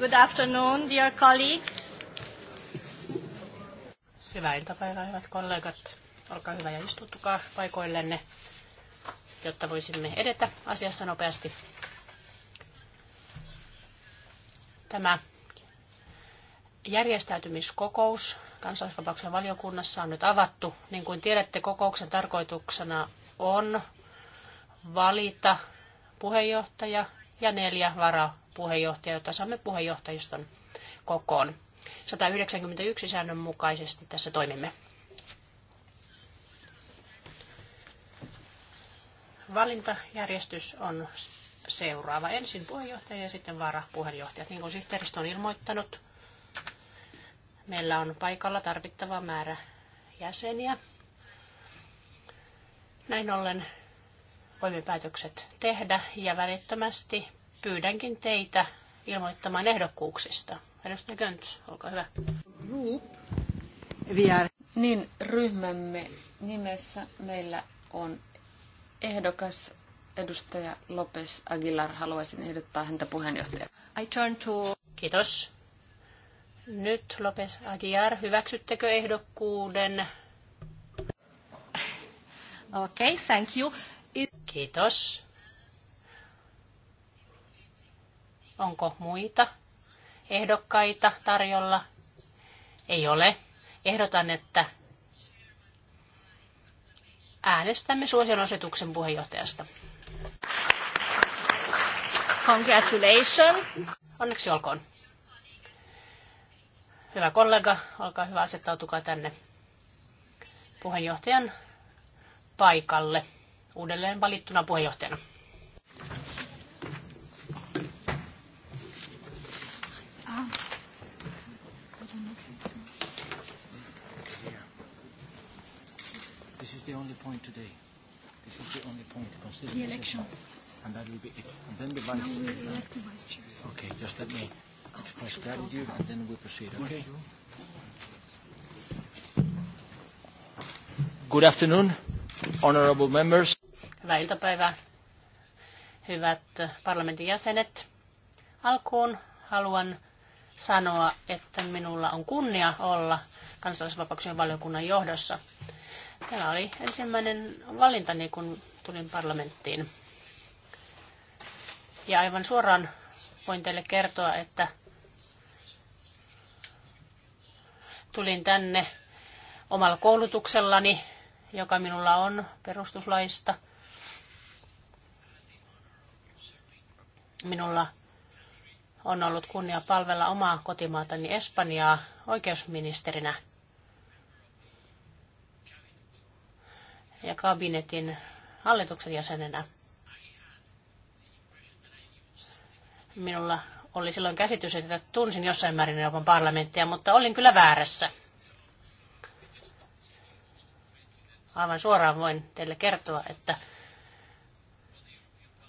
Good afternoon, dear colleagues. Hyvää iltapäivää, hyvät kollegat. Olkaa hyvä ja istuttukaa paikoillenne, jotta voisimme edetä asiassa nopeasti. Tämä järjestäytymiskokous kansallisvapauksen valiokunnassa on nyt avattu. Niin kuin tiedätte, kokouksen tarkoituksena on valita puheenjohtaja ja neljä varaa puheenjohtaja, jota saamme puheenjohtajiston kokoon. 191 säännön mukaisesti tässä toimimme. Valintajärjestys on seuraava. Ensin puheenjohtaja ja sitten varapuheenjohtajat. Niin kuin sihteeristö on ilmoittanut, meillä on paikalla tarvittava määrä jäseniä. Näin ollen voimme päätökset tehdä ja välittömästi pyydänkin teitä ilmoittamaan ehdokkuuksista. Edustaja Könts, olkaa hyvä. Niin, ryhmämme nimessä meillä on ehdokas edustaja Lopes Aguilar. Haluaisin ehdottaa häntä puheenjohtajaksi. I turn to... Kiitos. Nyt Lopes Aguilar, hyväksyttekö ehdokkuuden? Okei, okay, thank you. It... Kiitos. Onko muita ehdokkaita tarjolla? Ei ole. Ehdotan, että äänestämme suosionosoituksen puheenjohtajasta. Congratulations. Onneksi olkoon. Hyvä kollega, olkaa hyvä, asettautukaa tänne puheenjohtajan paikalle uudelleen valittuna puheenjohtajana. the only point today. This is the only point. Consider the elections. And that will be it. And then the vice. chair. Now we elect the vice chair. Okay, just let me express gratitude and then we'll proceed. Okay. Good afternoon, honorable members. Hyvää iltapäivää, hyvät parlamentin jäsenet. Alkuun haluan sanoa, että minulla on kunnia olla kansallisvapauksien valiokunnan johdossa. Tämä oli ensimmäinen niin kun tulin parlamenttiin. Ja aivan suoraan voin teille kertoa, että tulin tänne omalla koulutuksellani, joka minulla on perustuslaista. Minulla on ollut kunnia palvella omaa kotimaatani Espanjaa oikeusministerinä – ja kabinetin hallituksen jäsenenä. Minulla oli silloin käsitys, että tunsin jossain määrin Euroopan parlamenttia, mutta olin kyllä väärässä. Aivan suoraan voin teille kertoa, että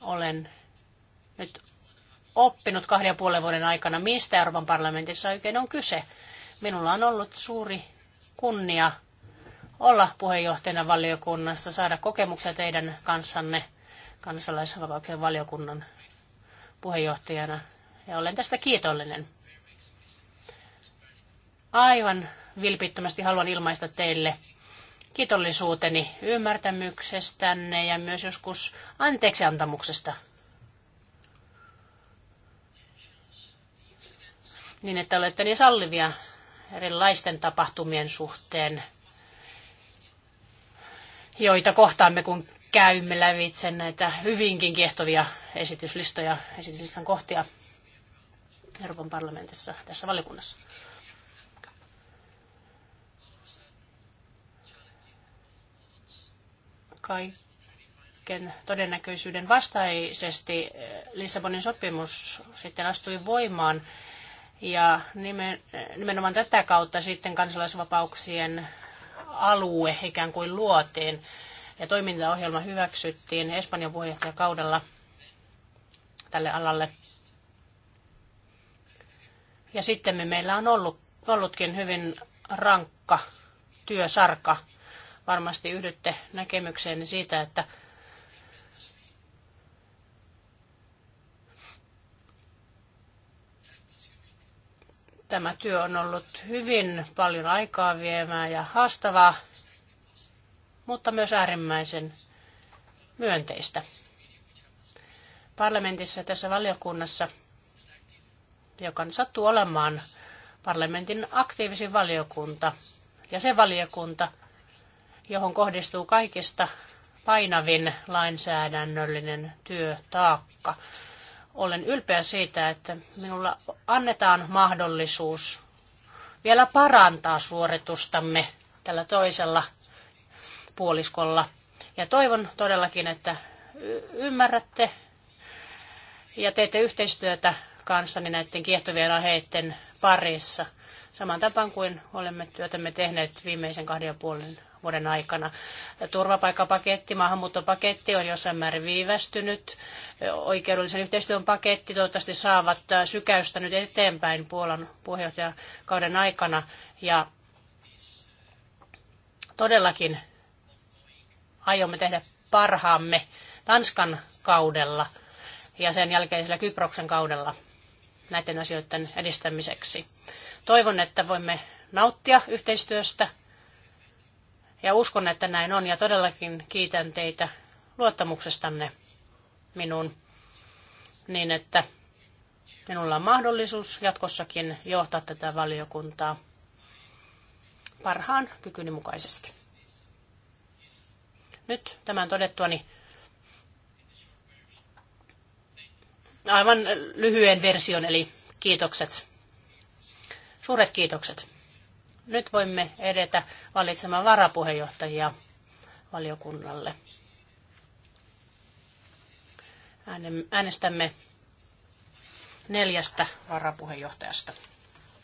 olen nyt oppinut kahden ja puolen vuoden aikana, mistä Euroopan parlamentissa oikein on kyse. Minulla on ollut suuri kunnia olla puheenjohtajana valiokunnassa, saada kokemuksia teidän kanssanne kansalaisvapauksien valiokunnan puheenjohtajana. Ja olen tästä kiitollinen. Aivan vilpittömästi haluan ilmaista teille kiitollisuuteni ymmärtämyksestänne ja myös joskus anteeksiantamuksesta. Niin, että olette niin sallivia erilaisten tapahtumien suhteen joita kohtaamme, kun käymme lävitse näitä hyvinkin kiehtovia esityslistoja, esityslistan kohtia Euroopan parlamentissa tässä valiokunnassa. Kaiken todennäköisyyden vastaisesti eh, Lissabonin sopimus sitten astui voimaan ja nimenomaan tätä kautta sitten kansalaisvapauksien alue ikään kuin luotiin ja toimintaohjelma hyväksyttiin Espanjan puheenjohtajakaudella tälle alalle. Ja sitten meillä on ollut, ollutkin hyvin rankka työsarka. Varmasti yhdytte näkemykseen siitä, että Tämä työ on ollut hyvin paljon aikaa viemää ja haastavaa, mutta myös äärimmäisen myönteistä. Parlamentissa ja tässä valiokunnassa, joka sattuu olemaan parlamentin aktiivisin valiokunta ja se valiokunta, johon kohdistuu kaikista painavin lainsäädännöllinen työtaakka. Olen ylpeä siitä, että minulla annetaan mahdollisuus vielä parantaa suoritustamme tällä toisella puoliskolla. Ja toivon todellakin, että ymmärrätte ja teette yhteistyötä kanssani näiden kiehtovien aiheiden parissa. Saman tapaan kuin olemme työtämme tehneet viimeisen kahden ja puolen vuoden aikana. Turvapaikkapaketti, maahanmuuttopaketti on jossain määrin viivästynyt. Oikeudellisen yhteistyön paketti toivottavasti saavat sykäystä nyt eteenpäin Puolan puheenjohtajakauden aikana. Ja todellakin aiomme tehdä parhaamme Tanskan kaudella ja sen jälkeisellä Kyproksen kaudella näiden asioiden edistämiseksi. Toivon, että voimme nauttia yhteistyöstä ja uskon, että näin on ja todellakin kiitän teitä luottamuksestanne minun niin, että minulla on mahdollisuus jatkossakin johtaa tätä valiokuntaa parhaan kykyni mukaisesti. Nyt tämän todettuani aivan lyhyen version, eli kiitokset. Suuret kiitokset nyt voimme edetä valitsemaan varapuheenjohtajia valiokunnalle. Äänestämme neljästä varapuheenjohtajasta.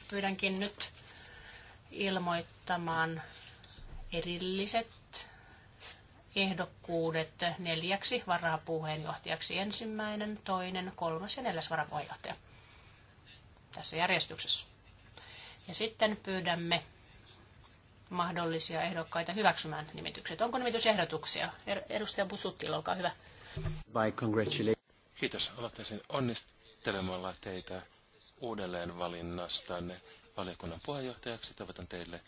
Pyydänkin nyt ilmoittamaan erilliset ehdokkuudet neljäksi varapuheenjohtajaksi. Ensimmäinen, toinen, kolmas ja neljäs varapuheenjohtaja tässä järjestyksessä. Ja sitten pyydämme mahdollisia ehdokkaita hyväksymään nimitykset. Onko nimitysehdotuksia? Er- edustaja Busuttil, olkaa hyvä. By Kiitos. Aloittaisin onnistelemalla teitä uudelleen valinnastanne valiokunnan puheenjohtajaksi. Toivotan teille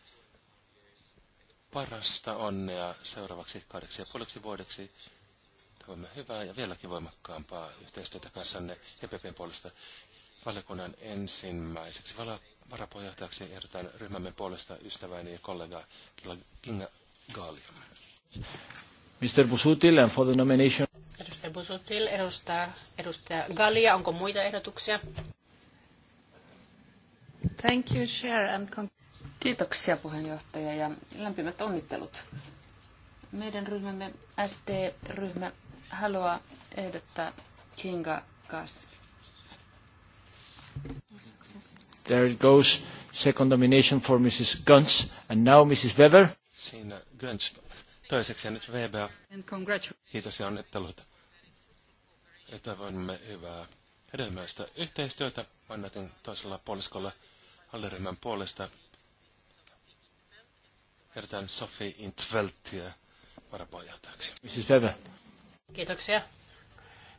parasta onnea seuraavaksi kahdeksi ja puoleksi vuodeksi. Toivomme hyvää ja vieläkin voimakkaampaa yhteistyötä kanssanne EPPn puolesta valiokunnan ensimmäiseksi vala- varapuheenjohtajaksi ehdotan ryhmämme puolesta ystäväni ja kollega Kinga Gaalia. Mr. Busutil and for the nomination. Edustaja Busutil edustaa edustaja Gallia. Onko muita ehdotuksia? Thank you, Chair, and Kiitoksia puheenjohtaja ja lämpimät onnittelut. Meidän ryhmämme SD-ryhmä haluaa ehdottaa Kinga Gas. No success. There goes. Second nomination for Mrs. Guns. And now Mrs. Weber. Siinä Guns toiseksi ja nyt Weber. And Kiitos ja onnittelut. Että voimme hyvää hedelmäistä yhteistyötä. annetin toisella puoliskolla halliryhmän puolesta. Erittäin Sofi Intveltia varapuheenjohtajaksi. Mrs. Weber. Kiitoksia.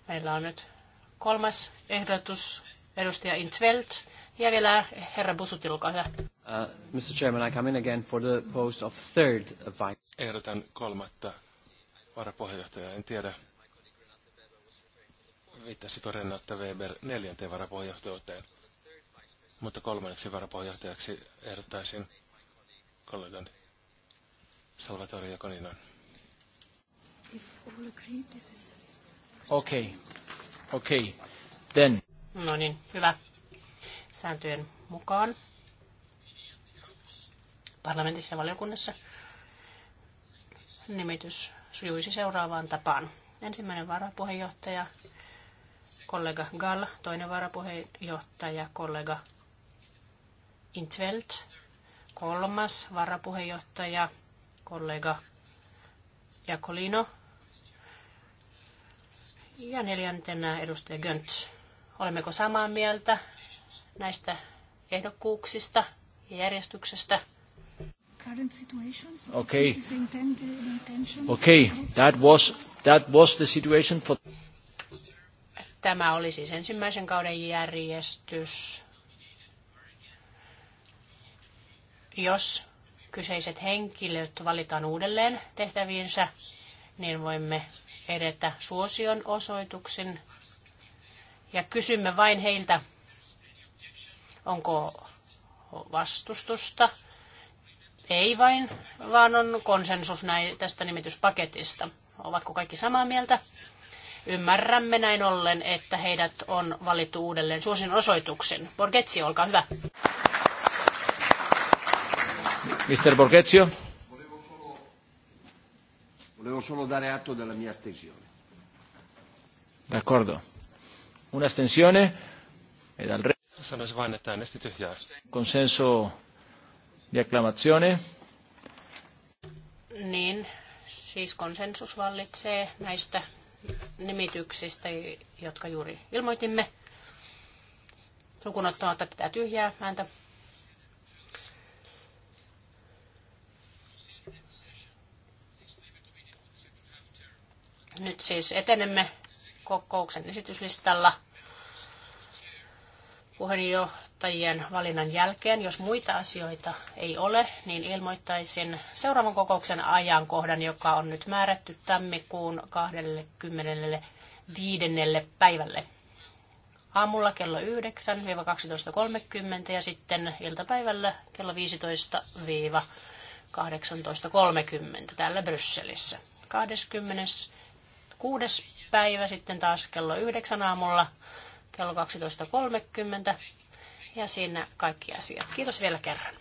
Meillä on nyt kolmas ehdotus, edustaja Intvelt. Ja vielä herra Busutti, olkaa hyvä. Uh, Mr. Chairman, I come in again for the post of third vice. Ehdotan kolmatta varapuheenjohtajaa. En tiedä, viittasiko Renata Weber neljänteen varapuheenjohtajuuteen, mutta kolmanneksi varapuheenjohtajaksi ehdottaisin kollegan Salvatore Jokoninan. Okei, okay. okei. Okay. Then. No niin, hyvä sääntöjen mukaan parlamentissa ja valiokunnassa nimitys sujuisi seuraavaan tapaan. Ensimmäinen varapuheenjohtaja, kollega Gall, toinen varapuheenjohtaja, kollega Intveld, kolmas varapuheenjohtaja, kollega Jakolino ja neljäntenä edustaja Göntz. Olemmeko samaa mieltä näistä ehdokkuuksista ja järjestyksestä. Okay. Okay, that was, that was the situation for... Tämä oli siis ensimmäisen kauden järjestys. Jos kyseiset henkilöt valitaan uudelleen tehtäviinsä, niin voimme edetä suosion osoituksen ja kysymme vain heiltä, Onko vastustusta? Ei vain, vaan on konsensus näin tästä nimityspaketista. Ovatko kaikki samaa mieltä? Ymmärrämme näin ollen, että heidät on valittu uudelleen suosin osoituksen. Borgetsi, olkaa hyvä. Mr. Borgetsio. Volevo solo dare atto della mia astensione. D'accordo. Un'astensione e dal re. Sanoisin vain, että äänesti tyhjää. Consenso di acclamazione. Niin, siis konsensus vallitsee näistä nimityksistä, jotka juuri ilmoitimme. Lukuun tätä tyhjää ääntä. Nyt siis etenemme kokouksen esityslistalla puheenjohtajien valinnan jälkeen. Jos muita asioita ei ole, niin ilmoittaisin seuraavan kokouksen ajankohdan, joka on nyt määrätty tammikuun 25. päivälle. Aamulla kello 9-12.30 ja sitten iltapäivällä kello 15-18.30 täällä Brysselissä. 26. päivä sitten taas kello 9 aamulla kello 12.30 ja siinä kaikki asiat. Kiitos vielä kerran.